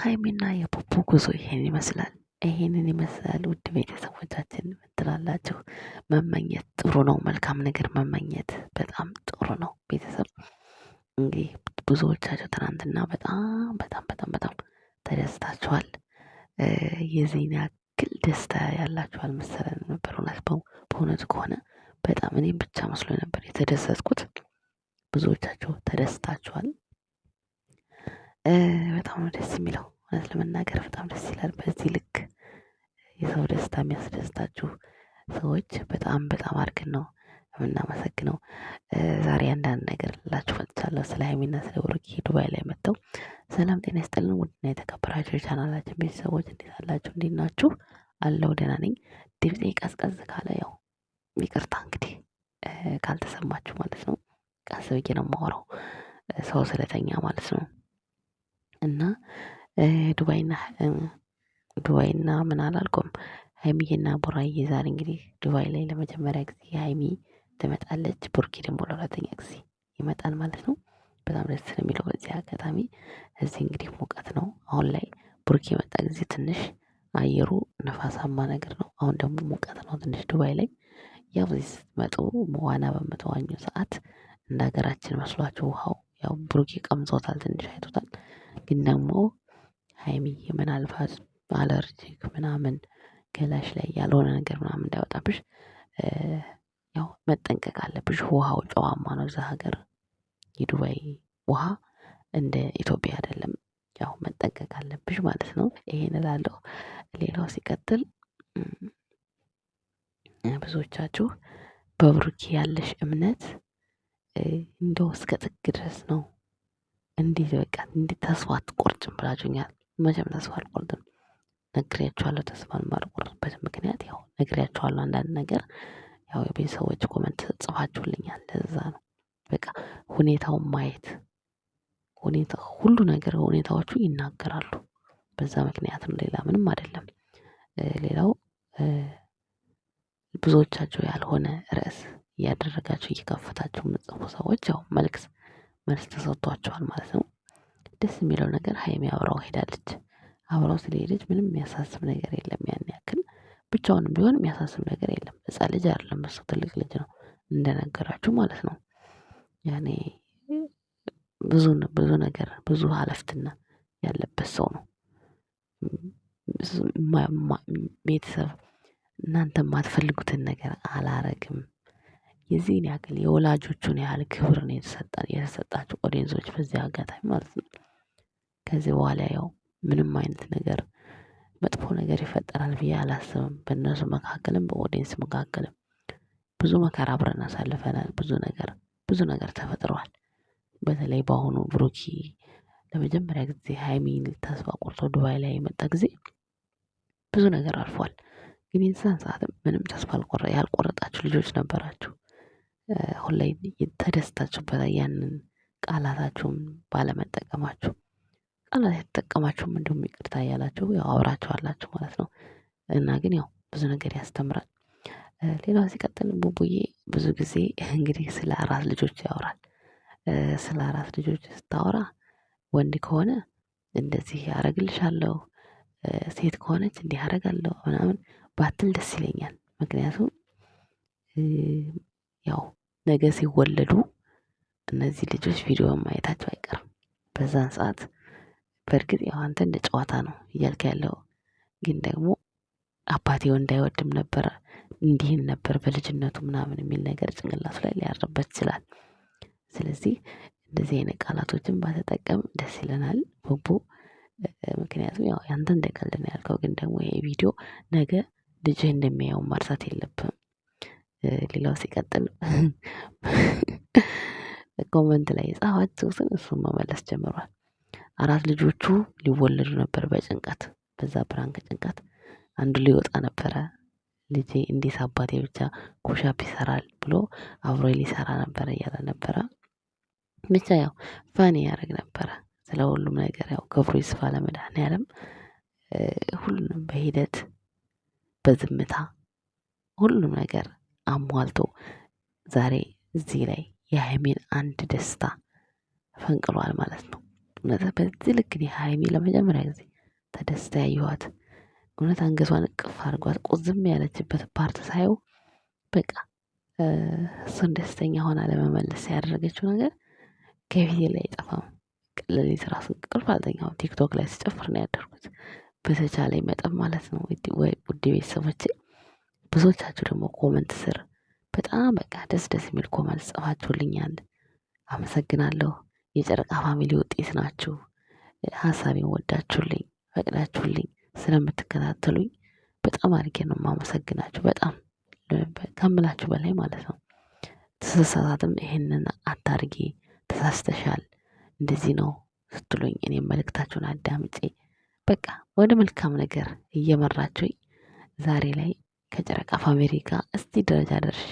ሀይሚና የፖፖ ጉዞ ይሄን ይመስላል። ይሄንን ይመስላል። ውድ ቤተሰቦቻችን ምን መመኘት ጥሩ ነው። መልካም ነገር መመኘት በጣም ጥሩ ነው። ቤተሰብ እንግዲህ ብዙዎቻቸው ትናንትና በጣም በጣም በጣም በጣም ተደስታችኋል። የዜና ያክል ደስታ ያላችኋል መሰለን ነበር። እውነት በእውነቱ ከሆነ በጣም እኔም ብቻ መስሎ ነበር የተደሰትኩት። ብዙዎቻችሁ ተደስታችኋል። በጣም ነው ደስ የሚለው እውነት ለመናገር በጣም ደስ ይላል። በዚህ ልክ የሰው ደስታ የሚያስደስታችሁ ሰዎች በጣም በጣም አድርገን ነው የምናመሰግነው። ዛሬ አንዳንድ ነገር ላችሁ ፈልቻለሁ ስለ ሀይሚና ስለ ብሩኬ ዱባይ ላይ መጥተው። ሰላም ጤና ይስጥልን ውድና የተከበራችሁ የቻናላችን ቤተሰቦች እንዴት አላችሁ? እንዴት ናችሁ? አለው ደህና ነኝ። ድምፄ ቀዝቀዝ ካለ ያው ይቅርታ እንግዲህ ካልተሰማችሁ ማለት ነው። ቀስ ብዬ ነው የማወራው ሰው ስለተኛ ማለት ነው። እና ዱባይና ዱባይና ምን አላልቆም ሀይሚዬና ቡራዬ ዛሬ እንግዲህ ዱባይ ላይ ለመጀመሪያ ጊዜ ሀይሚ ትመጣለች ቡርኪ ደግሞ ለሁለተኛ ጊዜ ይመጣል ማለት ነው። በጣም ደስ ነው የሚለው በዚህ አጋጣሚ እዚህ እንግዲህ ሙቀት ነው አሁን ላይ ቡርኪ የመጣ ጊዜ ትንሽ አየሩ ነፋሳማ ነገር ነው። አሁን ደግሞ ሙቀት ነው ትንሽ ዱባይ ላይ ያው እዚህ ስትመጡ ዋና በምትዋኙ ሰዓት እንደ ሀገራችን መስሏቸው ውሃው ያው ብሩኬ ቀምሶታል፣ ትንሽ አይቶታል። ግን ደግሞ ሀይሚዬ ምናልባት አለርጂክ ምናምን ገላሽ ላይ ያልሆነ ነገር ምናምን እንዳይወጣብሽ ያው መጠንቀቅ አለብሽ። ውሃው ጨዋማ ነው። እዛ ሀገር የዱባይ ውሃ እንደ ኢትዮጵያ አይደለም። ያው መጠንቀቅ አለብሽ ማለት ነው። ይሄን እላለሁ። ሌላው ሲቀጥል ብዙዎቻችሁ በብሩኬ ያለሽ እምነት እንደው እስከ ጥግ ድረስ ነው። እንዲህ በቃ እንዲህ ተስፋ አትቆርጭም ብላችሁኛል። መቼም ተስፋ አልቆርጥም፣ ነግሬያችኋለሁ። ተስፋ የማልቆርጥበት ምክንያት ያው ነግሬያችኋለሁ። አንዳንድ ነገር ያው የቤተሰቦች ኮመንት ጽፋችሁልኛል፣ ለዛ ነው። በቃ ሁኔታውን ማየት ሁኔታ ሁሉ ነገር ሁኔታዎቹ ይናገራሉ። በዛ ምክንያት ነው፣ ሌላ ምንም አይደለም። ሌላው ብዙዎቻቸው ያልሆነ ርዕስ እያደረጋችሁ እየከፈታችሁ የምጽፉ ሰዎች ያው መልክስ መልስ ተሰጥቷቸዋል ማለት ነው። ደስ የሚለው ነገር ሀይሚ አብራው ሄዳለች። አብራው ስለሄደች ምንም የሚያሳስብ ነገር የለም። ያን ያክል ብቻውንም ቢሆን የሚያሳስብ ነገር የለም። ህፃን ልጅ አይደለም እሱ ትልቅ ልጅ ነው እንደነገራችሁ ማለት ነው። ያኔ ብዙ ብዙ ነገር ብዙ ሀለፍትና ያለበት ሰው ነው። ቤተሰብ እናንተ የማትፈልጉትን ነገር አላረግም የዚህን ያክል የወላጆቹን ያህል ክብር ነው የተሰጠን የተሰጣቸው ኦዲንሶች በዚህ አጋጣሚ ማለት ነው። ከዚህ በኋላ ያው ምንም አይነት ነገር መጥፎ ነገር ይፈጠራል ብዬ አላስብም። በእነሱ መካከልም በኦዲንስ መካከልም ብዙ መከራ አብረን አሳልፈናል። ብዙ ነገር ብዙ ነገር ተፈጥሯል። በተለይ በአሁኑ ብሩኪ ለመጀመሪያ ጊዜ ሀይሚን ተስፋ ቆርጦ ዱባይ ላይ የመጣ ጊዜ ብዙ ነገር አልፏል። ግን የዛን ሰዓትም ምንም ተስፋ ያልቆረጣችሁ ልጆች ነበራችሁ አሁን ላይ ተደስታችሁበታል። ያንን ቃላታችሁም ባለመጠቀማችሁ ቃላት የተጠቀማችሁም እንዲሁም ይቅርታ እያላችሁ ያው አውራችኋላችሁ ማለት ነው። እና ግን ያው ብዙ ነገር ያስተምራል። ሌላው ሲቀጥል ቡቡዬ ብዙ ጊዜ እንግዲህ ስለ አራት ልጆች ያወራል። ስለ አራት ልጆች ስታወራ ወንድ ከሆነ እንደዚህ አደርግልሻለሁ ሴት ከሆነች እንዲህ አደርጋለሁ ምናምን ባትል ደስ ይለኛል። ምክንያቱም ያው ነገ ሲወለዱ እነዚህ ልጆች ቪዲዮ ማየታቸው አይቀርም። በዛን ሰዓት በእርግጥ ያው አንተ እንደ ጨዋታ ነው እያልክ ያለው፣ ግን ደግሞ አባቴው እንዳይወድም ነበር እንዲህን ነበር በልጅነቱ ምናምን የሚል ነገር ጭንቅላቱ ላይ ሊያርበት ይችላል። ስለዚህ እንደዚህ አይነት ቃላቶችን ባተጠቀም ደስ ይለናል ቦቦ። ምክንያቱም ያው ያንተ እንደቀልድ ነው ያልከው፣ ግን ደግሞ ይሄ ቪዲዮ ነገ ልጅህ እንደሚያየው ማርሳት የለብም። ሌላው ሲቀጥል ኮመንት ላይ የጻፋችሁትን እሱን መመለስ ጀምሯል። አራት ልጆቹ ሊወለዱ ነበር በጭንቀት በዛ ብራንክ ጭንቀት አንዱ ሊወጣ ነበረ። ልጄ እንዴት አባቴ ብቻ ኩሻፕ ይሰራል ብሎ አብሮ ሊሰራ ነበረ እያለ ነበረ። ብቻ ያው ፋን ያደርግ ነበረ ስለ ሁሉም ነገር ያው ክብሩ ይስፋ ያለም ሁሉንም በሂደት በዝምታ ሁሉም ነገር አሟልቶ ዛሬ እዚህ ላይ የሀይሚን አንድ ደስታ ፈንቅሏል ማለት ነው። እውነት በዚህ ልክ እኔ ሀይሚ ለመጀመሪያ ጊዜ ተደስታ ያየኋት እውነት አንገቷን እቅፍ አድርጓት ቁዝም ያለችበት ፓርት ሳየው በቃ እሱን ደስተኛ ሆና ለመመለስ ያደረገችው ነገር ከፊቴ ላይ አይጠፋም። ሌሊት ራሱ እንቅልፍ አልተኛሁም። ቲክቶክ ላይ ሲጨፍር ነው ያደርጉት በተቻለ መጠን ማለት ነው ውድ ቤተሰቦቼ ብዙዎቻችሁ ደግሞ ኮመንት ስር በጣም በቃ ደስ ደስ የሚል ኮመንት ጽፋችሁልኛል። አመሰግናለሁ። የጨረቃ ፋሚሊ ውጤት ናችሁ። ሀሳቤን ወዳችሁልኝ ፈቅዳችሁልኝ ስለምትከታተሉኝ በጣም አድርጌ ነው የማመሰግናችሁ። በጣም ከምላችሁ በላይ ማለት ነው። ተሳሳትም ይሄንን አታርጊ ተሳስተሻል፣ እንደዚህ ነው ስትሉኝ እኔም መልእክታችሁን አዳምጬ በቃ ወደ መልካም ነገር እየመራችሁኝ ዛሬ ላይ ከጨረቃ ፋሚሊ ጋር እስቲ ደረጃ ደርሼ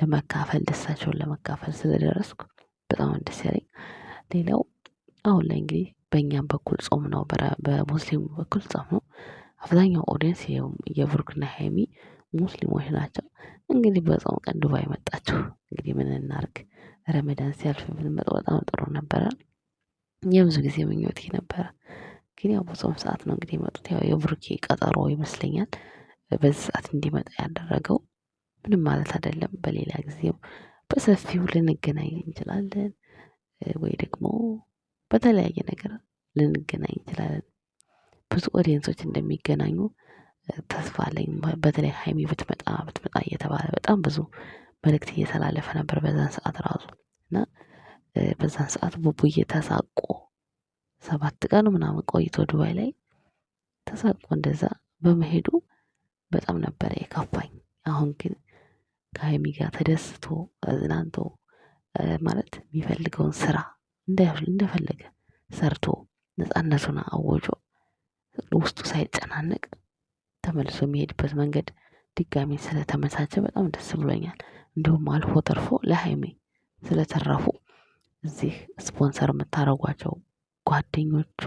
ለመካፈል ደስታቸውን ለመካፈል ስለደረስኩ በጣም ደስ ያለኝ። ሌላው አሁን ላይ እንግዲህ በእኛም በኩል ጾም ነው በሙስሊሙ በኩል ጾም ነው። አብዛኛው ኦዲየንስ የብሩክና ሀይሚ ሙስሊሞች ናቸው። እንግዲህ በጾም ቀን ዱባይ መጣችሁ እንግዲህ ምን እናርግ? ረመዳን ሲያልፍ ብንመጣ በጣም ጥሩ ነበረ። የብዙ ጊዜ ምኞቴ ነበረ። ግን ያው በጾም ሰዓት ነው እንግዲህ የመጡት ያው የብሩኬ ቀጠሮ ይመስለኛል በዚህ ሰዓት እንዲመጣ ያደረገው ምንም ማለት አይደለም። በሌላ ጊዜም በሰፊው ልንገናኝ እንችላለን ወይ ደግሞ በተለያየ ነገር ልንገናኝ እንችላለን። ብዙ ኦዲየንሶች እንደሚገናኙ ተስፋ አለኝ። በተለይ ሀይሚ ብትመጣ ብትመጣ እየተባለ በጣም ብዙ መልእክት እየተላለፈ ነበር በዛን ሰዓት ራሱ እና በዛን ሰዓት ቡቡዬ ተሳቆ ሰባት ቀን ምናምን ቆይቶ ዱባይ ላይ ተሳቆ እንደዛ በመሄዱ በጣም ነበረ የከፋኝ። አሁን ግን ከሀይሚ ጋር ተደስቶ አዝናንቶ ማለት የሚፈልገውን ስራ እንደፈለገ ሰርቶ ነፃነቱን አወጆ ውስጡ ሳይጨናነቅ ተመልሶ የሚሄድበት መንገድ ድጋሚ ስለተመቻቸ በጣም ደስ ብሎኛል። እንዲሁም አልፎ ተርፎ ለሀይሜ ስለተረፉ እዚህ ስፖንሰር የምታደርጓቸው ጓደኞቹ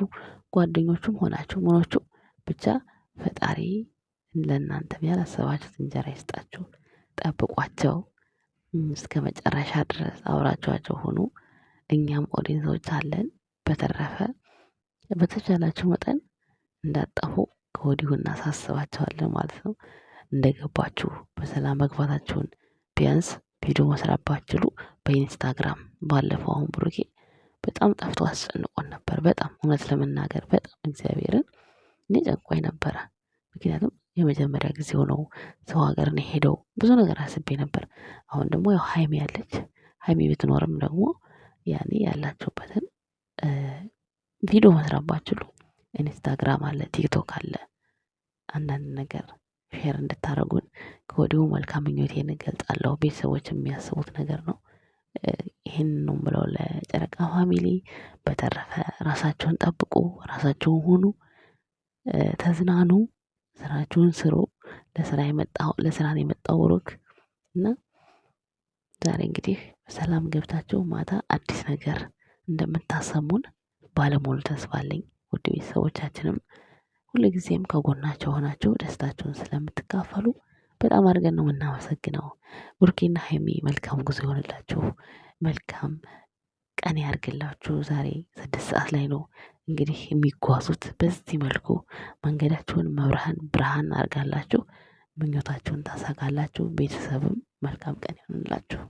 ጓደኞቹም ሆናችሁ ምኖቹ ብቻ ፈጣሪ ለእናንተም ያላሰባችሁት እንጀራ ይስጣችሁ። ጠብቋቸው እስከ መጨረሻ ድረስ አብራችኋቸው ሁኑ። እኛም ኦዲንሶች አለን። በተረፈ በተቻላችሁ መጠን እንዳጠፉ ከወዲሁ እናሳስባቸዋለን ማለት ነው። እንደገባችሁ በሰላም መግባታችሁን ቢያንስ ቪዲዮ መስራት ባችሉ በኢንስታግራም ባለፈው አሁን ብሩኬ በጣም ጠፍቶ አስጨንቆን ነበር። በጣም እውነት ለመናገር በጣም እግዚአብሔርን እኔ ጨንቋኝ ነበረ። ምክንያቱም የመጀመሪያ ጊዜ ሆነው ሰው ሀገር ነው የሄደው ብዙ ነገር አስቤ ነበር። አሁን ደግሞ ያው ሀይሚ አለች ሀይሚ ብትኖርም ደግሞ ያኔ ያላችሁበትን ቪዲዮ መስራት ኢንስታግራም አለ ቲክቶክ አለ አንዳንድ ነገር ሼር እንድታደርጉን ከወዲሁ መልካም ምኞቴን እገልጻለሁ። ቤተሰቦች የሚያስቡት ነገር ነው። ይህን ነው ብለው ለጨረቃ ፋሚሊ በተረፈ ራሳቸውን ጠብቁ፣ ራሳቸውን ሆኑ ተዝናኑ። ስራችሁን ስሩ። ለስራ የመጣው ለስራ ነው የመጣው ብሩክ እና ዛሬ እንግዲህ በሰላም ገብታችሁ ማታ አዲስ ነገር እንደምታሰሙን ባለሙሉ ተስፋ አለኝ። ውድ ቤተሰቦቻችንም ሁልጊዜም ከጎናቸው ሆናችሁ ደስታችሁን ስለምትካፈሉ በጣም አድርገን ነው የምናመሰግነው። ቡርኪና ሀይሚ መልካም ጉዞ ይሆንላችሁ። መልካም ቀን ያርግላችሁ። ዛሬ ስድስት ሰዓት ላይ ነው እንግዲህ የሚጓዙት። በዚህ መልኩ መንገዳችሁን መብርሃን ብርሃን አርጋላችሁ ምኞታችሁን ታሳካላችሁ። ቤተሰብም መልካም ቀን ይሆንላችሁ።